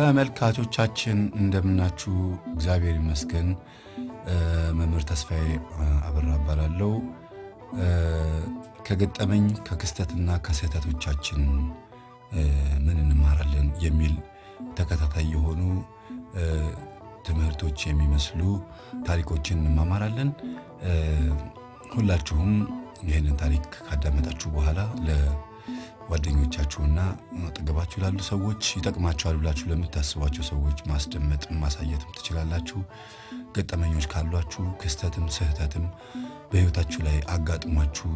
ተመልካቾቻችን እንደምናችሁ፣ እግዚአብሔር ይመስገን። መምህር ተስፋዬ አበራ እባላለሁ። ከገጠመኝ ከክስተትና ከስህተቶቻችን ምን እንማራለን የሚል ተከታታይ የሆኑ ትምህርቶች የሚመስሉ ታሪኮችን እንማማራለን። ሁላችሁም ይህንን ታሪክ ካዳመጣችሁ በኋላ ጓደኞቻችሁና አጠገባችሁ ላሉ ሰዎች ይጠቅማቸዋል ብላችሁ ለምታስቧቸው ሰዎች ማስደመጥ ማሳየትም ትችላላችሁ። ገጠመኞች ካሏችሁ ክስተትም ስህተትም በህይወታችሁ ላይ አጋጥሟችሁ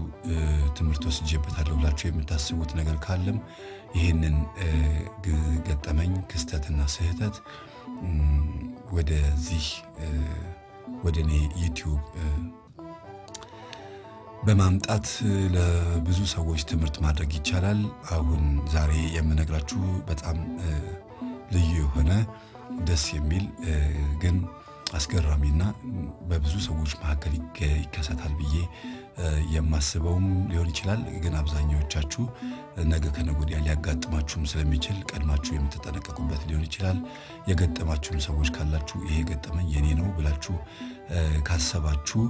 ትምህርት ወስጄበታለሁ ብላችሁ የምታስቡት ነገር ካለም ይህንን ገጠመኝ ክስተትና ስህተት ወደዚህ ወደ እኔ ዩቲዩብ በማምጣት ለብዙ ሰዎች ትምህርት ማድረግ ይቻላል። አሁን ዛሬ የምነግራችሁ በጣም ልዩ የሆነ ደስ የሚል ግን አስገራሚና በብዙ ሰዎች መካከል ይከሰታል ብዬ የማስበውም ሊሆን ይችላል። ግን አብዛኛዎቻችሁ ነገ ከነጎዲያ ሊያጋጥማችሁም ስለሚችል ቀድማችሁ የምትጠነቀቁበት ሊሆን ይችላል። የገጠማችሁም ሰዎች ካላችሁ ይሄ ገጠመኝ የኔ ነው ብላችሁ ካሰባችሁ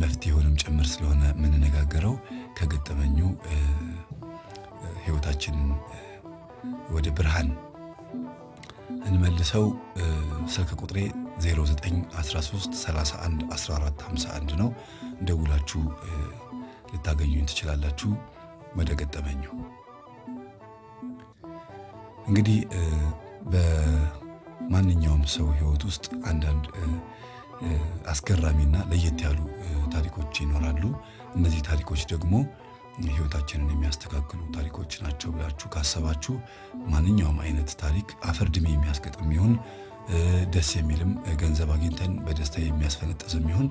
መፍትሄውንም ጭምር ስለሆነ የምንነጋገረው ከገጠመኙ ህይወታችንን ወደ ብርሃን እንመልሰው። ስልክ ቁጥሬ 0913311451 ነው። እንደውላችሁ ልታገኙኝ ትችላላችሁ። ወደ ገጠመኙ እንግዲህ በማንኛውም ሰው ህይወት ውስጥ አንዳንድ አስገራሚና ለየት ያሉ ታሪኮች ይኖራሉ። እነዚህ ታሪኮች ደግሞ ህይወታችንን የሚያስተካክሉ ታሪኮች ናቸው ብላችሁ ካሰባችሁ ማንኛውም አይነት ታሪክ አፈር ድሜ የሚያስገጥም ይሁን ደስ የሚልም ገንዘብ አግኝተን በደስታ የሚያስፈነጥዝ የሚሆን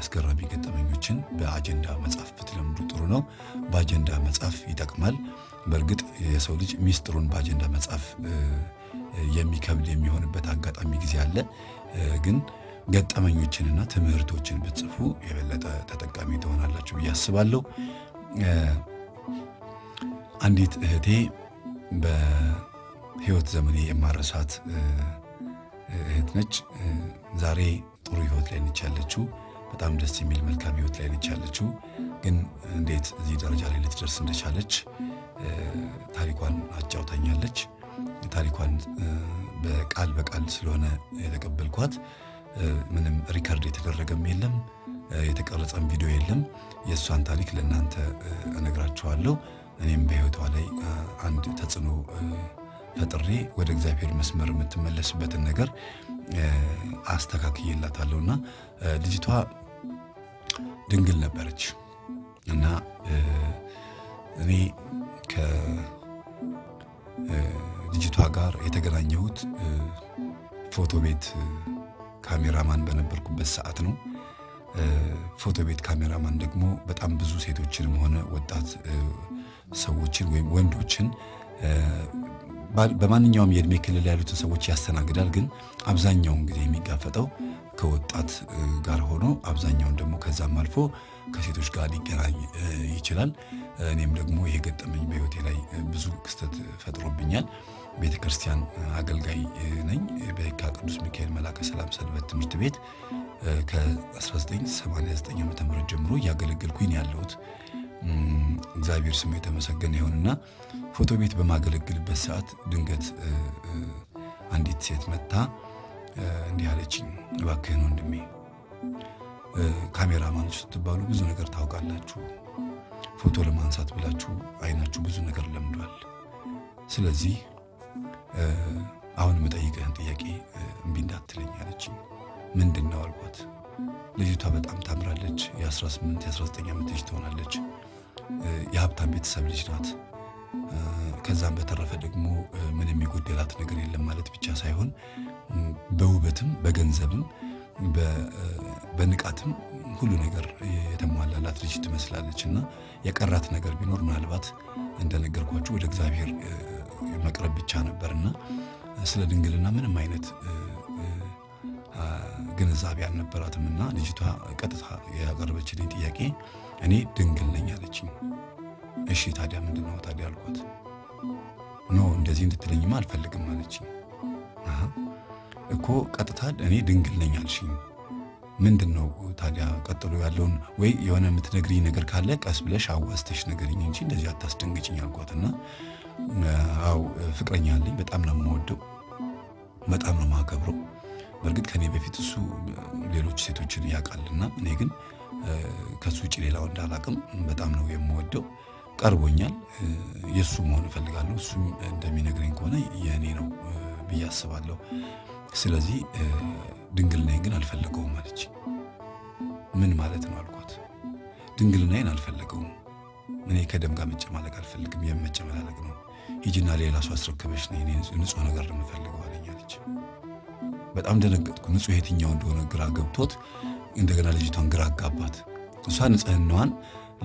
አስገራሚ ገጠመኞችን በአጀንዳ መጻፍ ብትለምዱ ጥሩ ነው። በአጀንዳ መጻፍ ይጠቅማል። በእርግጥ የሰው ልጅ ሚስጥሩን በአጀንዳ መጻፍ የሚከብድ የሚሆንበት አጋጣሚ ጊዜ አለ ግን ገጠመኞችንና ትምህርቶችን ብትጽፉ የበለጠ ተጠቃሚ ትሆናላችሁ ብዬ አስባለሁ። አንዲት እህቴ በህይወት ዘመኔ የማረሳት እህት ነች። ዛሬ ጥሩ ህይወት ላይ ነች ያለችው። በጣም ደስ የሚል መልካም ህይወት ላይ ነች ያለችው። ግን እንዴት እዚህ ደረጃ ላይ ልትደርስ እንደቻለች ታሪኳን አጫውታኛለች። ታሪኳን በቃል በቃል ስለሆነ የተቀበልኳት ምንም ሪከርድ የተደረገም የለም፣ የተቀረጸም ቪዲዮ የለም። የእሷን ታሪክ ለእናንተ እነግራችኋለሁ። እኔም በህይወቷ ላይ አንድ ተጽዕኖ ፈጥሬ ወደ እግዚአብሔር መስመር የምትመለስበትን ነገር አስተካክዬላታለሁ እና ልጅቷ ድንግል ነበረች እና እኔ ከልጅቷ ጋር የተገናኘሁት ፎቶ ቤት ካሜራማን በነበርኩበት ሰዓት ነው። ፎቶ ቤት ካሜራማን ደግሞ በጣም ብዙ ሴቶችንም ሆነ ወጣት ሰዎችን ወይም ወንዶችን በማንኛውም የእድሜ ክልል ያሉትን ሰዎች ያስተናግዳል። ግን አብዛኛውን ጊዜ የሚጋፈጠው ከወጣት ጋር ሆኖ አብዛኛውን ደግሞ ከዛም አልፎ ከሴቶች ጋር ሊገናኝ ይችላል። እኔም ደግሞ ይሄ ገጠመኝ በህይወቴ ላይ ብዙ ክስተት ፈጥሮብኛል። ቤተ ክርስቲያን አገልጋይ ነኝ። በየካ ቅዱስ ሚካኤል መላከ ሰላም ሰንበት ትምህርት ቤት ከ1989 ዓ ም ጀምሮ እያገለገልኩኝ ያለሁት እግዚአብሔር ስሙ የተመሰገነ ይሁንና ፎቶ ቤት በማገለግልበት ሰዓት ድንገት አንዲት ሴት መጥታ እንዲህ አለችኝ፣ እባክህን ወንድሜ ካሜራማኖች ስትባሉ ብዙ ነገር ታውቃላችሁ። ፎቶ ለማንሳት ብላችሁ አይናችሁ ብዙ ነገር ለምዷል። ስለዚህ አሁን የምጠይቅህን ጥያቄ እምቢ እንዳትለኝ አለችኝ። ምንድን ነው አልኳት። ልጅቷ በጣም ታምራለች። የ18 የ19 ዓመት ልጅ ትሆናለች። የሀብታም ቤተሰብ ልጅ ናት። ከዛም በተረፈ ደግሞ ምንም የጎደላት ነገር የለም ማለት ብቻ ሳይሆን በውበትም በገንዘብም በንቃትም ሁሉ ነገር የተሟላላት ልጅ ትመስላለች እና የቀራት ነገር ቢኖር ምናልባት እንደነገርኳችሁ ወደ እግዚአብሔር መቅረብ ብቻ ነበርና ስለ ድንግልና ምንም አይነት ግንዛቤ አልነበራትም እና ልጅቷ ቀጥታ ያቀረበችልኝ ጥያቄ እኔ ድንግል ነኝ አለችኝ። እሺ ታዲያ ምንድን ነው ታዲያ አልኳት። ኖ እንደዚህ እንድትለኝማ አልፈልግም አለችኝ። እኮ ቀጥታ እኔ ድንግል ነኝ አልሽኝ፣ ምንድን ነው ታዲያ ቀጥሎ ያለውን ወይ የሆነ የምትነግሪኝ ነገር ካለ ቀስ ብለሽ አዋስተሽ ነገርኝ እንጂ እንደዚህ አታስደንግጭኝ አልኳትና አው ፍቅረኛ አለኝ። በጣም ነው የምወደው፣ በጣም ነው የማከብረው። በእርግጥ ከኔ በፊት እሱ ሌሎች ሴቶችን ያውቃልና እኔ ግን ከሱ ውጭ ሌላው እንዳላቅም በጣም ነው የምወደው። ቀርቦኛል፣ የእሱ መሆን እፈልጋለሁ። እሱም እንደሚነግረኝ ከሆነ የእኔ ነው ብዬ አስባለሁ። ስለዚህ ድንግልናዬን ግን አልፈለገውም አለች። ምን ማለት ነው አልኳት። ድንግልናዬን አልፈለገውም እኔ ከደም ጋር መጨማለቅ አልፈልግም፣ የም ነው። ሂጂና ሌላ ሰው አስረከበች ነው፣ እኔ ንጹህ ነገር ነው የምፈልገው በጣም ደነገጥኩ። ንጹህ የትኛው እንደሆነ ግራ ገብቶት እንደገና ልጅቷን ግራ አጋባት። እሷ ንጽህናዋን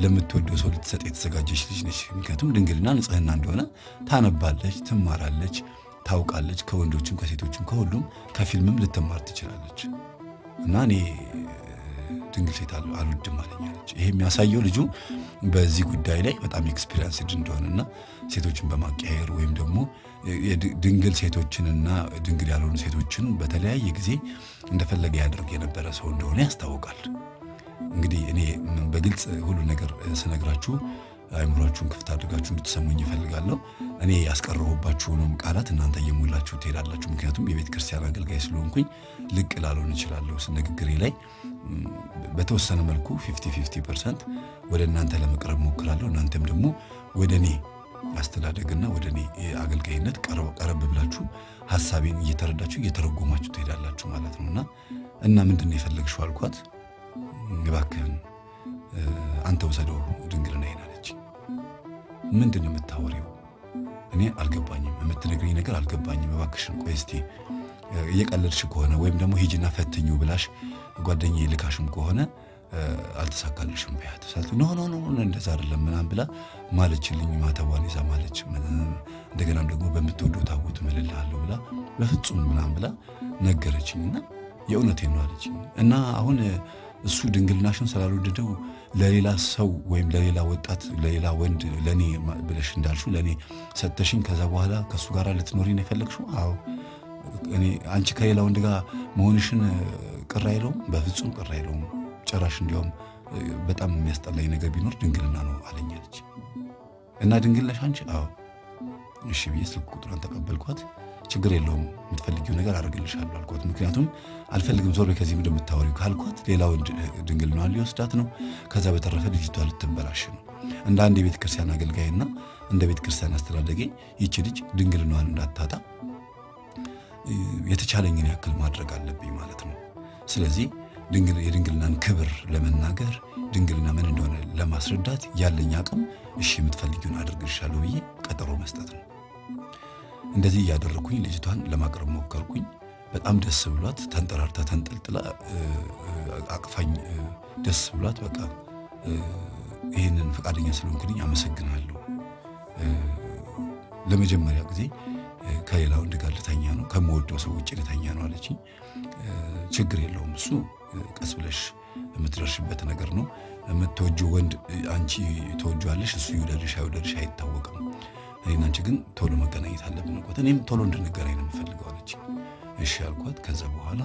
ለምትወደው ሰው ልትሰጥ የተዘጋጀች ልጅ ነች። ምክንያቱም ድንግልና ንጽህና እንደሆነ ታነባለች፣ ትማራለች፣ ታውቃለች። ከወንዶችም ከሴቶችም ከሁሉም ከፊልምም ልትማር ትችላለች እና እኔ ድንግል ሴት አልወድም አለኛለች። ይሄ የሚያሳየው ልጁ በዚህ ጉዳይ ላይ በጣም ኤክስፒሪንስድ እንደሆነና ሴቶችን በማቀያየር ወይም ደግሞ ድንግል ሴቶችንና ድንግል ያልሆኑ ሴቶችን በተለያየ ጊዜ እንደፈለገ ያደርግ የነበረ ሰው እንደሆነ ያስታውቃል። እንግዲህ እኔ በግልጽ ሁሉ ነገር ስነግራችሁ አይምሯችሁን ክፍት አድርጋችሁ እንድትሰሙኝ ይፈልጋለሁ። እኔ ያስቀረቡባችሁንም ቃላት እናንተ እየሞላችሁ ትሄዳላችሁ። ምክንያቱም የቤተ ክርስቲያን አገልጋይ ስለሆንኩኝ ልቅ ላልሆን እችላለሁ። ንግግሬ ላይ በተወሰነ መልኩ ፊፍቲ ፊፍቲ ፐርሰንት ወደ እናንተ ለመቅረብ ሞክራለሁ። እናንተም ደግሞ ወደ እኔ አስተዳደግና ወደ እኔ አገልጋይነት ቀረብ ብላችሁ ሀሳቤን እየተረዳችሁ እየተረጎማችሁ ትሄዳላችሁ ማለት ነውና እና ምንድን ነው የፈለግሽው አልኳት። እባክህን አንተ ውሰደው ድንግልና ይናል ምንድን ነው የምታወሪው? እኔ አልገባኝም፣ የምትነግሪኝ ነገር አልገባኝም። እባክሽን ቆይ እስቲ እየቀለድሽ ከሆነ ወይም ደግሞ ሂጂና ፈትኙ ብላሽ ጓደኛ የልካሽም ከሆነ አልተሳካልሽም በያት ሳልት ኖ ኖ ኖ እንደዛ አይደለም ምናም ብላ ማለችልኝ። ማተቧን ይዛ ማለች። እንደገናም ደግሞ በምትወደው ታቦት እምልልሃለሁ ብላ በፍጹም ምናም ብላ ነገረችኝ እና የእውነቴን ነው አለችኝ እና አሁን እሱ ድንግልናሽን ስላልወደደው ለሌላ ሰው ወይም ለሌላ ወጣት ለሌላ ወንድ ለእኔ ብለሽ እንዳልሹ ለእኔ ሰተሽኝ ከዛ በኋላ ከእሱ ጋር ልትኖሪ ነው የፈለግሽው? አዎ። እኔ አንቺ ከሌላ ወንድ ጋር መሆንሽን ቅር አይለውም፣ በፍጹም ቅር አይለውም። ጭራሽ እንዲያውም በጣም የሚያስጠላኝ ነገር ቢኖር ድንግልና ነው አለኛለች። እና ድንግል ነሽ አንቺ? አዎ። እሺ ብዬ ስልክ ቁጥሯን ተቀበልኳት። ችግር የለውም የምትፈልጊው ነገር አደርግልሻለሁ አልኳት። ምክንያቱም አልፈልግም ዞር ከዚህ የምታወሪው ካልኳት ሌላው ድንግልናዋን ሊወስዳት ነው። ከዛ በተረፈ ልጅቷ ልትበላሽ ነው። እንደ አንድ የቤተ ክርስቲያን አገልጋይና እንደ ቤተ ክርስቲያን አስተዳደጌ ይቺ ልጅ ድንግልናዋን እንዳታጣ የተቻለኝን ያክል ማድረግ አለብኝ ማለት ነው። ስለዚህ የድንግልናን ክብር ለመናገር ድንግልና ምን እንደሆነ ለማስረዳት ያለኝ አቅም እሺ የምትፈልጊውን አድርግልሻለሁ ብዬ ቀጠሮ መስጠት ነው። እንደዚህ እያደረግኩኝ ልጅቷን ለማቅረብ ሞከርኩኝ። በጣም ደስ ብሏት ተንጠራርታ ተንጠልጥላ አቅፋኝ ደስ ብሏት በቃ ይህንን ፈቃደኛ ስለሆንክልኝ አመሰግናለሁ። ለመጀመሪያ ጊዜ ከሌላ ወንድ ጋር ልተኛ ነው ከምወደው ሰው ውጭ ልተኛ ነው አለችኝ። ችግር የለውም እሱ ቀስ ብለሽ የምትደርሽበት ነገር ነው። የምትወጁ ወንድ አንቺ ትወጂዋለሽ፣ እሱ ይውደድሽ አይውደድሽ አይታወቅም። እኔና አንቺ ግን ቶሎ መገናኘት አለብን እኮ እኔም ቶሎ እንድንገናኝ ነው የምፈልገው አለች። እሺ አልኳት። ከዛ በኋላ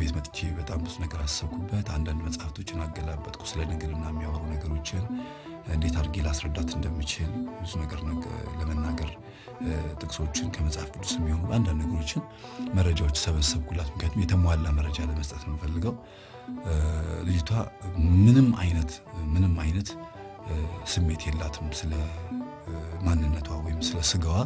ቤት መጥቼ በጣም ብዙ ነገር አሰብኩበት። አንዳንድ መጽሐፍቶችን አገላበጥኩ፣ ስለ ንግድና የሚያወሩ ነገሮችን እንዴት አድርጌ ላስረዳት እንደምችል ብዙ ነገር ለመናገር ጥቅሶችን ከመጽሐፍ ቅዱስ የሚሆኑ አንዳንድ ነገሮችን መረጃዎች ሰበሰብኩላት። ምክንያቱም የተሟላ መረጃ ለመስጠት ነው የምፈልገው። ልጅቷ ምንም አይነት ምንም አይነት ስሜት የላትም ስለ ማንነቷ ወይም ስለ ስጋዋ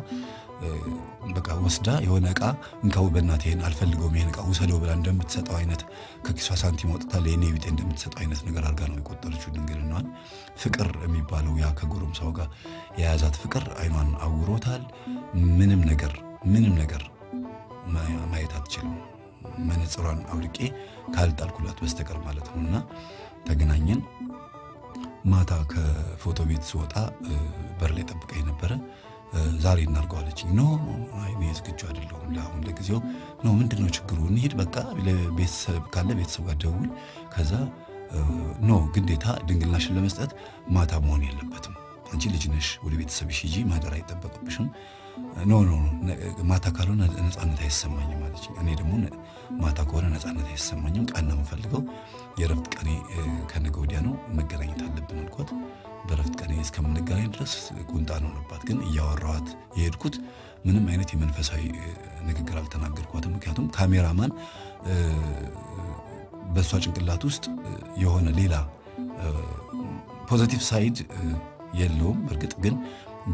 በቃ ወስዳ የሆነ እቃ እንካው በእናት ይሄን አልፈልገውም ይሄን እቃ ውሰደው ብላ እንደምትሰጠው አይነት ከኪሷ ሳንቲም ወጥታ ለእኔ ቢጤ እንደምትሰጠው አይነት ነገር አድርጋ ነው የቆጠረችው ድንግልናዋን። ፍቅር የሚባለው ያ ሰው ጋር የያዛት ፍቅር አይኗን አውሮታል። ምንም ነገር ምንም ነገር ማየት አትችልም፣ መነጽሯን አውልቄ ካልጣልኩላት በስተቀር ማለት ነው። እና ተገናኘን። ማታ ከፎቶ ቤት ስወጣ በር ላይ ጠብቀኝ ነበረ። ዛሬ እናርገዋለችኝ ኖ እኔ ዝግጁ አይደለሁም ለአሁን ለጊዜው። ኖ ምንድን ነው ችግሩ? እንሂድ በቃ ቤተሰብ ካለ ቤተሰብ ጋር ደውል። ከዛ ኖ ግዴታ ድንግልናሽን ለመስጠት ማታ መሆን የለበትም አንቺ ልጅ ነሽ፣ ወደ ቤተሰብሽ ሂጂ፣ ማደር አይጠበቅብሽም ኖ ኖ ማታ ካልሆነ ነፃነት አይሰማኝም ማለች። እኔ ደግሞ ማታ ከሆነ ነፃነት አይሰማኝም፣ ቀን ነው የምፈልገው። የእረፍት ቀኔ ከነገ ወዲያ ነው፣ መገናኘት አለብን አልኳት። በረፍት ቀኔ እስከምንገናኝ ድረስ ነው ሆነባት። ግን እያወራኋት የሄድኩት ምንም አይነት የመንፈሳዊ ንግግር አልተናገርኳትም። ምክንያቱም ካሜራማን በእሷ ጭንቅላት ውስጥ የሆነ ሌላ ፖዘቲቭ ሳይድ የለውም። እርግጥ ግን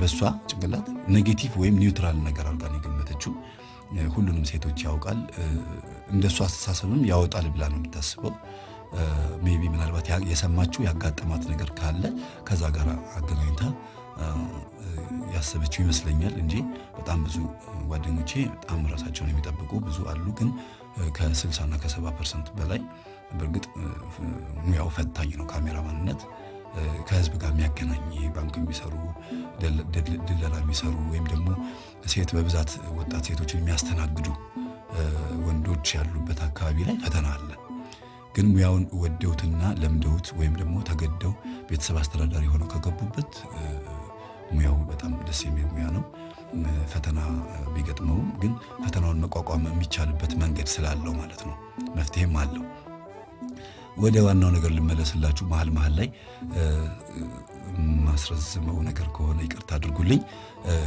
በእሷ ጭንቅላት ኔጌቲቭ ወይም ኒውትራል ነገር አድርጋ ነው የገመተችው። ሁሉንም ሴቶች ያውቃል እንደሱ አስተሳሰብም ያወጣል ብላ ነው የምታስበው። ሜይ ቢ ምናልባት የሰማችው ያጋጠማት ነገር ካለ ከዛ ጋር አገናኝታ ያሰበችው ይመስለኛል እንጂ በጣም ብዙ ጓደኞቼ በጣም ራሳቸውን የሚጠብቁ ብዙ አሉ። ግን ከ60 ና ከ70 ፐርሰንት በላይ በእርግጥ ሙያው ፈታኝ ነው ካሜራ ማንነት ከህዝብ ጋር የሚያገናኝ ባንክ የሚሰሩ ድለላ የሚሰሩ ወይም ደግሞ ሴት በብዛት ወጣት ሴቶችን የሚያስተናግዱ ወንዶች ያሉበት አካባቢ ላይ ፈተና አለ። ግን ሙያውን ወደውትና ለምደውት ወይም ደግሞ ተገደው ቤተሰብ አስተዳዳሪ ሆነው ከገቡበት ሙያው በጣም ደስ የሚል ሙያ ነው። ፈተና ቢገጥመውም ግን ፈተናውን መቋቋም የሚቻልበት መንገድ ስላለው ማለት ነው። መፍትሄም አለው። ወደ ዋናው ነገር ልመለስላችሁ። መሀል መሀል ላይ ማስረዝመው ነገር ከሆነ ይቅርታ አድርጉልኝ።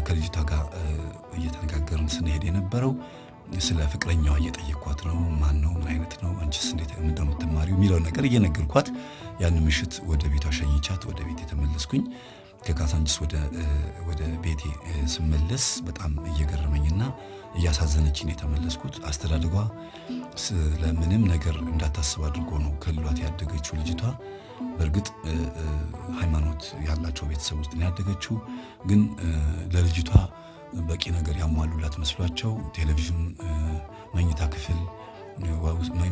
ከልጅቷ ጋር እየተነጋገርን ስንሄድ የነበረው ስለ ፍቅረኛዋ እየጠየቅኳት ነው። ማን ነው? ምን አይነት ነው? አንቺስ እንዴት እንደምትማሪው የሚለው ነገር እየነገርኳት ያን ምሽት ወደ ቤቷ ሸኝቻት ወደ ቤት የተመለስኩኝ ከካሳንቺስ ወደ ቤቴ ስመለስ በጣም እየገረመኝና እያሳዘነችን የተመለስኩት አስተዳደጓ ስለምንም ነገር እንዳታስብ አድርጎ ነው ከልሏት ያደገችው ልጅቷ። በእርግጥ ሃይማኖት ያላቸው ቤተሰብ ውስጥ ነው ያደገችው፣ ግን ለልጅቷ በቂ ነገር ያሟሉላት መስሏቸው ቴሌቪዥን መኝታ ክፍል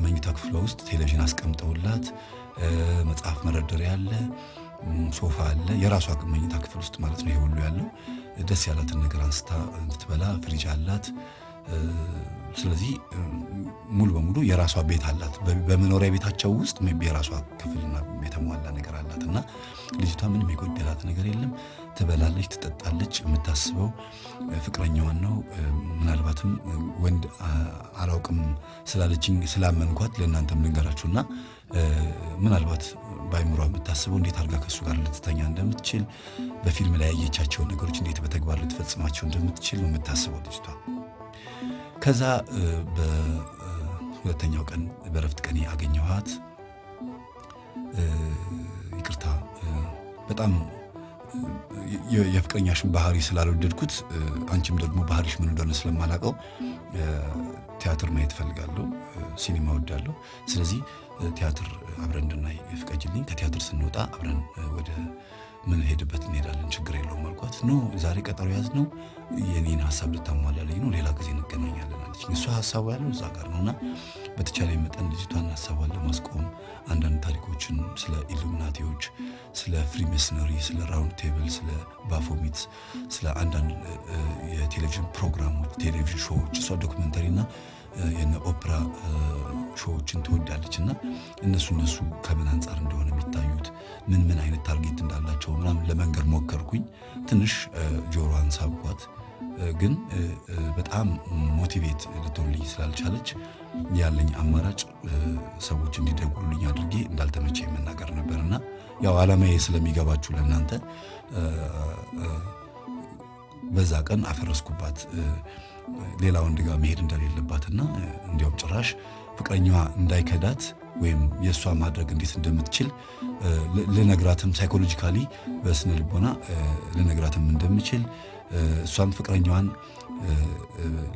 መኝታ ክፍሏ ውስጥ ቴሌቪዥን አስቀምጠውላት መጽሐፍ መደርደሪያ አለ ሶፋ አለ፣ የራሷ መኝታ ክፍል ውስጥ ማለት ነው። ይሄ ሁሉ ያለው ደስ ያላትን ነገር አንስታ እንድትበላ ፍሪጅ አላት። ስለዚህ ሙሉ በሙሉ የራሷ ቤት አላት። በመኖሪያ ቤታቸው ውስጥ የራሷ ክፍልና የተሟላ ነገር አላት እና ልጅቷ ምንም የጎደላት ነገር የለም። ትበላለች፣ ትጠጣለች። የምታስበው ፍቅረኛዋን ነው። ምናልባትም ወንድ አላውቅም ስላለችኝ ስላመንኳት ለእናንተም ልንገራችሁና ምናልባት በአይምሯ የምታስበው እንዴት አድርጋ ከእሱ ጋር ልትተኛ እንደምትችል በፊልም ላይ ያየቻቸውን ነገሮች እንዴት በተግባር ልትፈጽማቸው እንደምትችል ነው የምታስበው ልጅቷ። ከዛ በሁለተኛው ቀን በረፍት ቀን አገኘኋት። ይቅርታ በጣም የፍቅረኛሽን ባህሪ ስላልወደድኩት አንቺም ደግሞ ባህሪሽ ምን እንደሆነ ስለማላውቀው ቲያትር ማየት እፈልጋለሁ፣ ሲኒማ ወዳለሁ ስለዚህ ቲያትር አብረን እንድናይ ፍቀጅልኝ። ከቲያትር ስንወጣ አብረን ወደ ምንሄድበት እንሄዳለን፣ ችግር የለውም አልኳት። ኖ ዛሬ ቀጠሮ ያዝ ነው የኔን ሀሳብ ልታሟላልኝ ነው፣ ሌላ ጊዜ እንገናኛለን አለች። እሷ ሀሳቡ ያለው እዛ ጋር ነው እና በተቻለ መጠን ልጅቷን ሀሳቧን ለማስቆም አንዳንድ ታሪኮችን ስለ ኢሉሚናቲዎች፣ ስለ ፍሪሜስነሪ፣ ስለ ራውንድ ቴብል፣ ስለ ባፎሚትስ፣ ስለ አንዳንድ የቴሌቪዥን ፕሮግራሞች፣ ቴሌቪዥን ሾዎች እሷ ዶክመንተሪ እና የነ ኦፕራ ሾዎችን ትወዳለች እና እነሱ እነሱ ከምን አንጻር እንደሆነ የሚታዩት ምን ምን አይነት ታርጌት እንዳላቸው ምናምን ለመንገር ሞከርኩኝ። ትንሽ ጆሮዋን ሳብኳት፣ ግን በጣም ሞቲቬት ልትሆንልኝ ስላልቻለች ያለኝ አማራጭ ሰዎች እንዲደውሉልኝ አድርጌ እንዳልተመቼ መናገር ነበር እና ያው አላማዬ ስለሚገባችሁ ለእናንተ በዛ ቀን አፈረስኩባት። ሌላ ወንድ ጋር መሄድ እንደሌለባትና እንዲያውም ጭራሽ ፍቅረኛዋ እንዳይከዳት ወይም የእሷ ማድረግ እንዴት እንደምትችል ልነግራትም ሳይኮሎጂካሊ በስነ ልቦና ልነግራትም እንደምችል እሷም ፍቅረኛዋን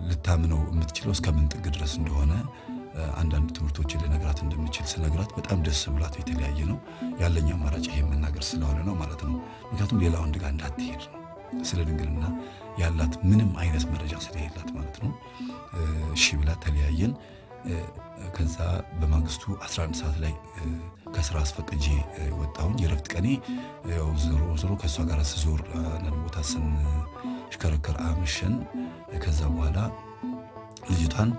ልታምነው የምትችለው እስከምን ጥግ ድረስ እንደሆነ አንዳንድ ትምህርቶችን ልነግራት እንደምችል ስነግራት በጣም ደስ ብላት የተለያየ ነው ያለኛ አማራጭ ይሄ መናገር ስለሆነ ነው ማለት ነው። ምክንያቱም ሌላ ወንድ ጋር እንዳትሄድ ነው። ስለ ድንግልና ያላት ምንም አይነት መረጃ ስለሌላት ማለት ነው። እሺ ብላ ተለያየን። ከዛ በማግስቱ 11 ሰዓት ላይ ከስራ አስፈቅጄ ወጣሁኝ። የረፍት ቀኔ ዞሮ ዞሮ ከእሷ ጋር ስዞር አንዳንድ ቦታ ስንሽከረከር አመሸን። ከዛ በኋላ ልጅቷን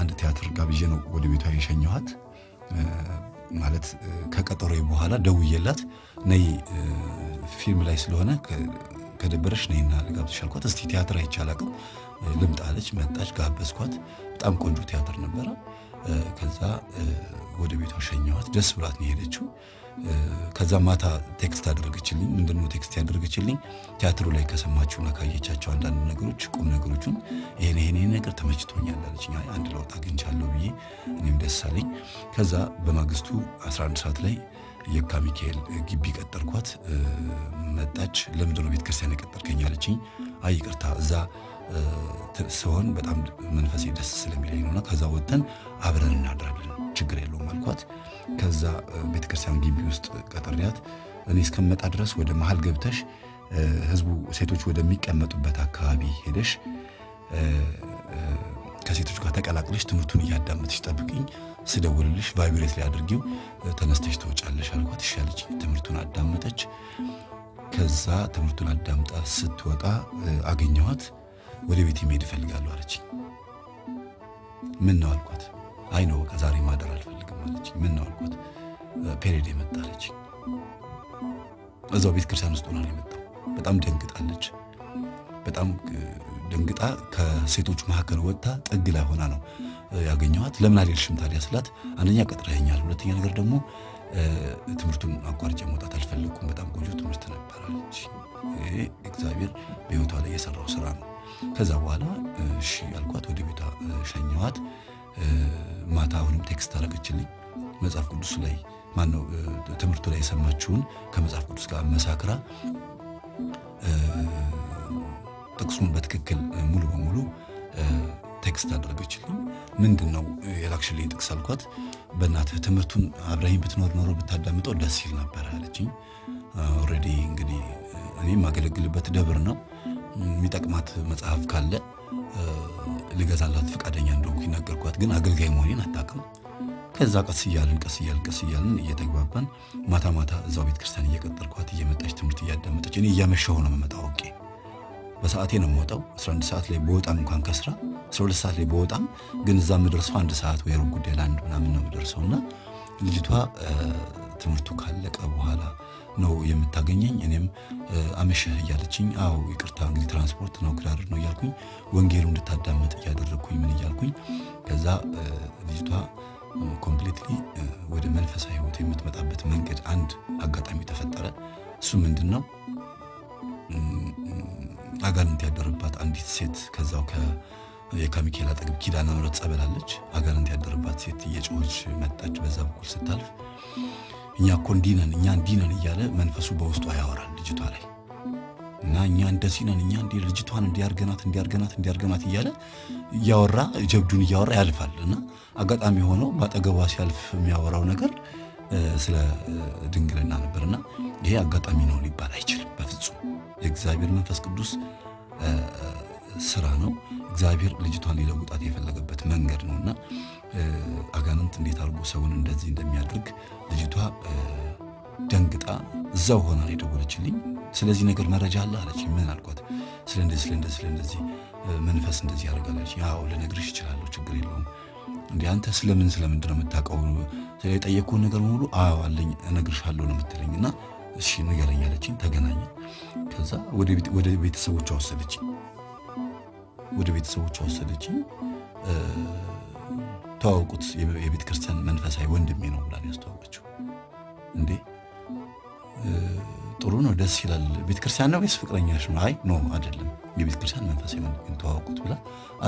አንድ ቲያትር ጋብዤ ነው ወደ ቤቷ የሸኘኋት። ማለት ከቀጠሮ በኋላ ደውዬላት ነይ ፊልም ላይ ስለሆነ ከደበረሽ ነይና ልጋብዝሽ አልኳት። እስቲ ቲያትር አይቻላቅ ልምጣ አለች። መጣች፣ ጋበዝኳት። በጣም ቆንጆ ቲያትር ነበረ። ከዛ ወደ ቤቷ ሸኘኋት። ደስ ብላት ነው የሄደችው። ከዛ ማታ ቴክስት አደረገችልኝ። ምንድነው ቴክስት ያደረገችልኝ? ቲያትሩ ላይ ከሰማችሁና ካየቻቸው አንዳንድ ነገሮች ቁም ነገሮቹን ይሄን ይሄን ነገር ተመችቶኛል አለችኝ። አንድ ለውጥ አግኝቻለሁ ብዬ እኔም ደስ አለኝ። ከዛ በማግስቱ 11 ሰዓት ላይ የካ ሚካኤል ግቢ ቀጠርኳት። መጣች። ለምንድን ነው ቤተክርስቲያን የቀጠርከኝ አለችኝ። አይ ይቅርታ፣ እዛ ስሆን በጣም መንፈሴ ደስ ስለሚለኝ ነውና ከዛ ወጥተን አብረን እናድራለን ችግር የለውም አልኳት። ከዛ ቤተክርስቲያን ግቢ ውስጥ ቀጠርያት። እኔ እስከምመጣ ድረስ ወደ መሀል ገብተሽ ህዝቡ ሴቶች ወደሚቀመጡበት አካባቢ ሄደሽ ከሴቶች ጋር ተቀላቅለሽ ትምህርቱን እያዳመጥሽ ጠብቅኝ ስደውልልሽ ቫይብሬት ሊያድርጊው ተነስተሽ ትወጫለሽ አልኳት። እሺ አለች። ትምህርቱን አዳመጠች። ከዛ ትምህርቱን አዳምጣ ስትወጣ አገኘኋት። ወደ ቤት መሄድ እፈልጋለሁ አለች። ምን ነው አልኳት። አይ ነው በቃ ዛሬ ማደር አልፈልግም አለች። ምን ነው አልኳት። ፔሬድ የመጣ አለች። እዛው ቤተ ክርስቲያን ውስጥ ሆና ነው የመጣው። በጣም ደንግጣለች። በጣም ደንግጣ ከሴቶች መካከል ወጥታ ጥግ ላይ ሆና ነው ያገኘዋት ለምን አልሄድሽም ታዲያ ስላት አንደኛ ቀጥረኸኛል፣ ሁለተኛ ነገር ደግሞ ትምህርቱን አቋርጬ መውጣት አልፈለግኩም። በጣም ቆንጆ ትምህርት ነበር አለች። ይሄ እግዚአብሔር በህይወቷ ላይ የሰራው ስራ ነው። ከዛ በኋላ እሺ አልኳት፣ ወደ ቤቷ ሸኘዋት። ማታ አሁንም ቴክስት አደረገችልኝ መጽሐፍ ቅዱስ ላይ ማነው ትምህርቱ ላይ የሰማችውን ከመጽሐፍ ቅዱስ ጋር መሳክራ ጥቅሱን በትክክል ሙሉ በሙሉ ቴክስት አደረገችልኝ። ምንድን ነው የላክሽልኝ ጥቅስ አልኳት። በእናትህ ትምህርቱን አብረኝ ብትኖር ኖሮ ብታዳምጠው ደስ ይል ነበር አለችኝ። ኦልሬዲ እንግዲህ እኔ የማገለግልበት ደብር ነው የሚጠቅማት መጽሐፍ ካለ ልገዛላት ፈቃደኛ እንደሆንኩ ነገርኳት። ግን አገልጋይ መሆኔን አታውቅም። ከዛ ቀስ እያልን ቀስ እያልን ቀስ እያልን እየተግባባን ማታ ማታ እዛው ቤተክርስቲያን እየቀጠርኳት እየመጣች ትምህርት እያዳመጠች እኔ እያመሸሁ ነው የምመጣ አውቄ በሰዓቴ ነው የምወጣው። 11 ሰዓት ላይ በወጣም እንኳን ከስራ 12 ሰዓት ላይ በወጣም ግን እዛ የምደርሰው አንድ ሰዓት ወይ ሩብ ጉዳይ ለአንድ ምናምን ነው የምደርሰው እና ልጅቷ ትምህርቱ ካለቀ በኋላ ነው የምታገኘኝ። እኔም አመሸህ እያለችኝ አዎ ይቅርታ እንግዲህ ትራንስፖርት ነው ክዳድር ነው እያልኩኝ ወንጌሉ እንድታዳምጥ እያደረግኩኝ ምን እያልኩኝ ከዛ ልጅቷ ኮምፕሊትሊ ወደ መንፈሳዊ ህይወት የምትመጣበት መንገድ አንድ አጋጣሚ ተፈጠረ። እሱ ምንድን ነው አጋንንት ያደረባት አንዲት ሴት ከዛው ከሚካኤል አጠገብ ኪዳነ ምሕረት ጸበል አለች። አጋንንት ያደረባት ሴት እየጮኸች መጣች። በዛ በኩል ስታልፍ እኛ እኮ እንዲህ ነን እኛ እንዲህ ነን እያለ መንፈሱ በውስጧ ያወራል ልጅቷ ላይ እና እኛ እንደዚህ ነን እኛ እንዲህ ልጅቷን እንዲያርገናት እንዲያርገናት እንዲያርገናት እያለ እያወራ ጀብዱን እያወራ ያልፋል። እና አጋጣሚ ሆነው በአጠገቧ ሲያልፍ የሚያወራው ነገር ስለ ድንግልና ነበርና ይሄ አጋጣሚ ነው ሊባል አይችልም። በፍጹም የእግዚአብሔር መንፈስ ቅዱስ ስራ ነው። እግዚአብሔር ልጅቷን ሊለውጣት የፈለገበት መንገድ ነው እና አጋንንት እንዴት አድርጎ ሰውን እንደዚህ እንደሚያደርግ ልጅቷ ደንግጣ እዛው ሆና ነው የደወለችልኝ። ስለዚህ ነገር መረጃ አለ አለች። ምን አልኳት። ስለ እንደዚህ ስለ እንደዚህ ስለ እንደዚህ መንፈስ እንደዚህ ያደርጋለች። ያው ልነግርሽ ይችላለሁ፣ ችግር የለውም። እንደ አንተ ስለምን ስለምንድን ነው የምታውቀው? የጠየቅኩህን ነገር በሙሉ አዎ አለኝ፣ እነግርሻለሁ ነው የምትለኝ እና እሺ ንገረኝ አለችኝ። ከዛ ወደ ቤተሰቦቿ ወሰደችኝ። ወደ ቤተሰቦቿ ወሰደችኝ። ተዋውቁት የቤተ ክርስቲያን መንፈሳዊ ወንድሜ ነው ብላ ያስተዋወቀችው። እንዴ ጥሩ ነው፣ ደስ ይላል። ቤተ ክርስቲያን ነው ወይስ ፍቅረኛሽ ነው? አይ ኖ አይደለም፣ የቤተ ክርስቲያን መንፈሳዊ ወንድሜ ተዋውቁት ብላ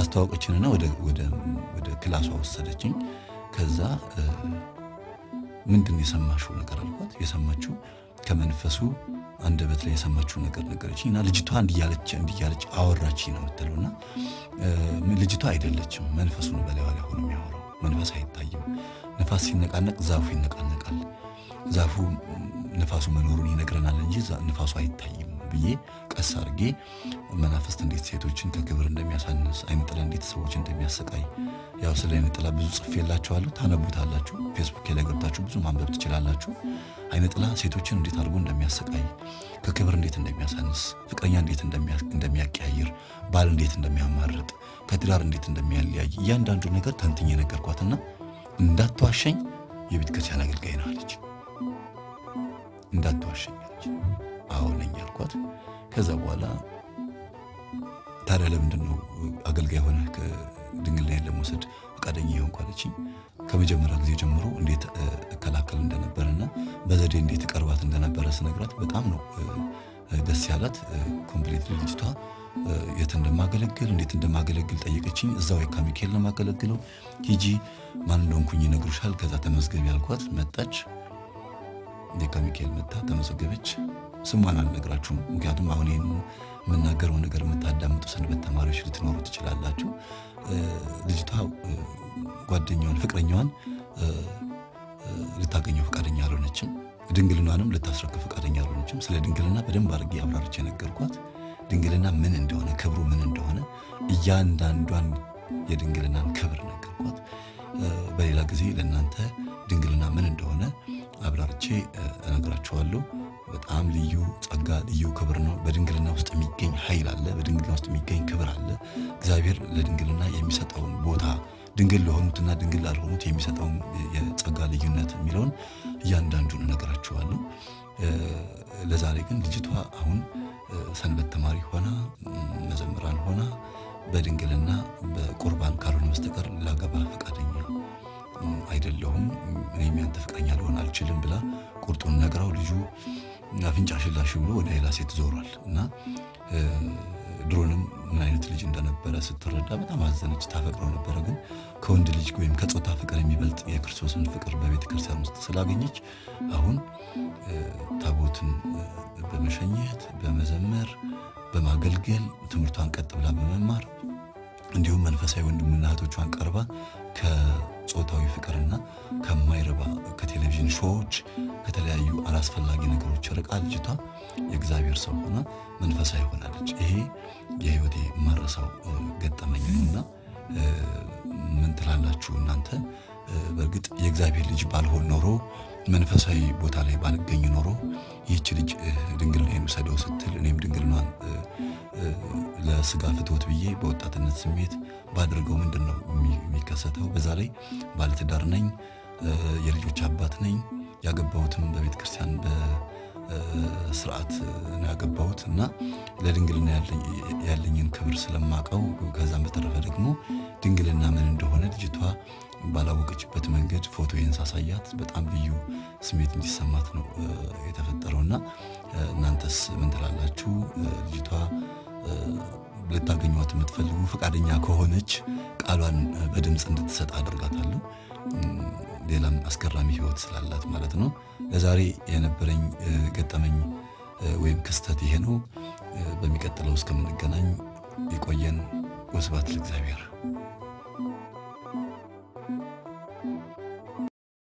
አስተዋወቀችንና ወደ ክላሷ ወሰደችኝ። ከዛ ምንድን የሰማሽው ነገር አልኳት። የሰማችው ከመንፈሱ አንደበት ላይ የሰማችው ነገር ነገረች እና ልጅቷ እንዲያለች እንዲያለች አወራች ነው የምትለው። እና ልጅቷ አይደለችም፣ መንፈሱ ነው በላይ ላይ ሆኖ የሚያወራው። መንፈስ አይታይም። ነፋስ ሲነቃነቅ ዛፉ ይነቃነቃል። ዛፉ ነፋሱ መኖሩን ይነግረናል እንጂ ነፋሱ አይታይም። ብዬ ቀስ አድርጌ መናፍስት እንዴት ሴቶችን ከክብር እንደሚያሳንስ አይነጥላ እንዴት ሰዎች እንደሚያሰቃይ ያው ስለ አይነጥላ ጥላ ብዙ ጽፌላችኋለሁ። ታነቡታላችሁ። ፌስቡክ ላይ ገብታችሁ ብዙ ማንበብ ትችላላችሁ። አይነ ጥላ ሴቶችን እንዴት አድርጎ እንደሚያሰቃይ ከክብር እንዴት እንደሚያሳንስ፣ ፍቅረኛ እንዴት እንደሚያቀያይር፣ ባል እንዴት እንደሚያማርጥ፣ ከትዳር እንዴት እንደሚያለያይ እያንዳንዱ ነገር ተንትኜ ነገርኳትና እንዳትዋሸኝ የቤተ ክርስቲያን አገልጋይ ነው አለች። እንዳትዋሸኝ አለች። አዎ ነኝ አልኳት። ከዛ በኋላ ታዲያ ለምንድን ነው አገልጋይ ሆነ ድንግልናዬን ለመውሰድ ፈቃደኛ የሆንኩ አለችኝ። ከመጀመሪያ ጊዜ ጀምሮ እንዴት እከላከል እንደነበረና በዘዴ እንዴት ቀርባት እንደነበረ ስነግራት በጣም ነው ደስ ያላት። ኮምፕሌት ልጅቷ የት እንደማገለግል እንዴት እንደማገለግል ጠየቀችኝ። እዛው የካ ነው የማገለግለው። ሂጂ ማን እንደሆንኩኝ ይነግሩሻል። ከዛ ተመዝገቢ ያልኳት መጣች። የካ ሚካኤል መታ ተመዘገበች። ስሟን አልነግራችሁም። ምክንያቱም አሁን ይህን የምናገረው ነገር የምታዳምጡ ሰንበት ተማሪዎች ልትኖሩ ትችላላችሁ። ልጅቷ ጓደኛዋን፣ ፍቅረኛዋን ልታገኘው ፈቃደኛ አልሆነችም። ድንግልናንም ልታስረክ ፈቃደኛ አልሆነችም። ስለ ድንግልና በደንብ አድርጌ አብራርቼ የነገርኳት ድንግልና ምን እንደሆነ ክብሩ ምን እንደሆነ እያንዳንዷን የድንግልናን ክብር ነገርኳት። በሌላ ጊዜ ለእናንተ ድንግልና ምን እንደሆነ አብራርቼ እነግራችኋለሁ። በጣም ልዩ ጸጋ፣ ልዩ ክብር ነው። በድንግልና ውስጥ የሚገኝ ኃይል አለ። በድንግልና ውስጥ የሚገኝ ክብር አለ። እግዚአብሔር ለድንግልና የሚሰጠውን ቦታ ድንግል ለሆኑትና ድንግል ላልሆኑት የሚሰጠውን የጸጋ ልዩነት የሚለውን እያንዳንዱን ነገራችኋለሁ። ለዛሬ ግን ልጅቷ አሁን ሰንበት ተማሪ ሆና መዘምራን ሆና በድንግልና በቁርባን ካልሆነ በስተቀር ላገባ ፈቃደኛ አይደለሁም እኔ ያንተ ፍቅረኛ ልሆን አልችልም ብላ ቁርጡን ነግራው ልጁ አፍንጫ ሽላሽ ብሎ ወደ ሌላ ሴት ዞሯል እና ድሮንም ምን አይነት ልጅ እንደነበረ ስትረዳ በጣም አዘነች። ታፈቅረው ነበረ፣ ግን ከወንድ ልጅ ወይም ከጾታ ፍቅር የሚበልጥ የክርስቶስን ፍቅር በቤተ ክርስቲያን ውስጥ ስላገኘች አሁን ታቦትን በመሸኘት በመዘመር በማገልገል ትምህርቷን ቀጥ ብላ በመማር እንዲሁም መንፈሳዊ ወንድምና እህቶቿን ቀርባ ከጾታዊ ፍቅርና ከማይረባ ከቴሌቪዥን ሾዎች ከተለያዩ አላስፈላጊ ነገሮች ርቃ ልጅቷ የእግዚአብሔር ሰው ሆና መንፈሳዊ ሆናለች። ይሄ የህይወቴ መረሳው ገጠመኝ ነውና ምን ትላላችሁ እናንተ? በእርግጥ የእግዚአብሔር ልጅ ባልሆን ኖሮ መንፈሳዊ ቦታ ላይ ባልገኝ ኖሮ ይህች ልጅ ድንግልናዬን ውሰደው ስትል እኔም ድንግልናን ለስጋ ፍትወት ብዬ በወጣትነት ስሜት ባድርገው ምንድን ነው የሚከሰተው? በዛ ላይ ባለትዳር ነኝ፣ የልጆች አባት ነኝ። ያገባሁትም በቤተ ክርስቲያን በስርዓት ነው ያገባሁት እና ለድንግልና ያለኝን ክብር ስለማቀው ከዛም በተረፈ ደግሞ ድንግልና ምን እንደሆነ ልጅቷ ባላወቀችበት መንገድ ፎቶ ሳሳያት በጣም ልዩ ስሜት እንዲሰማት ነው የተፈጠረው እና እናንተስ ምን ትላላችሁ? ልጅቷ ልታገኟት የምትፈልጉ ፈቃደኛ ከሆነች ቃሏን በድምፅ እንድትሰጥ አድርጋታለሁ። ሌላም አስገራሚ ህይወት ስላላት ማለት ነው። ለዛሬ የነበረኝ ገጠመኝ ወይም ክስተት ይሄ ነው። በሚቀጥለው እስከምንገናኝ ይቆየን። ወስባት ለእግዚአብሔር።